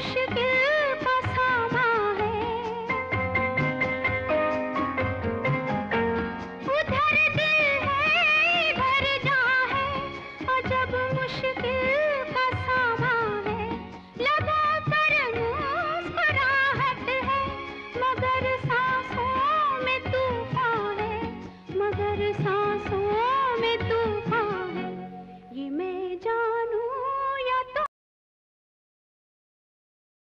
खुश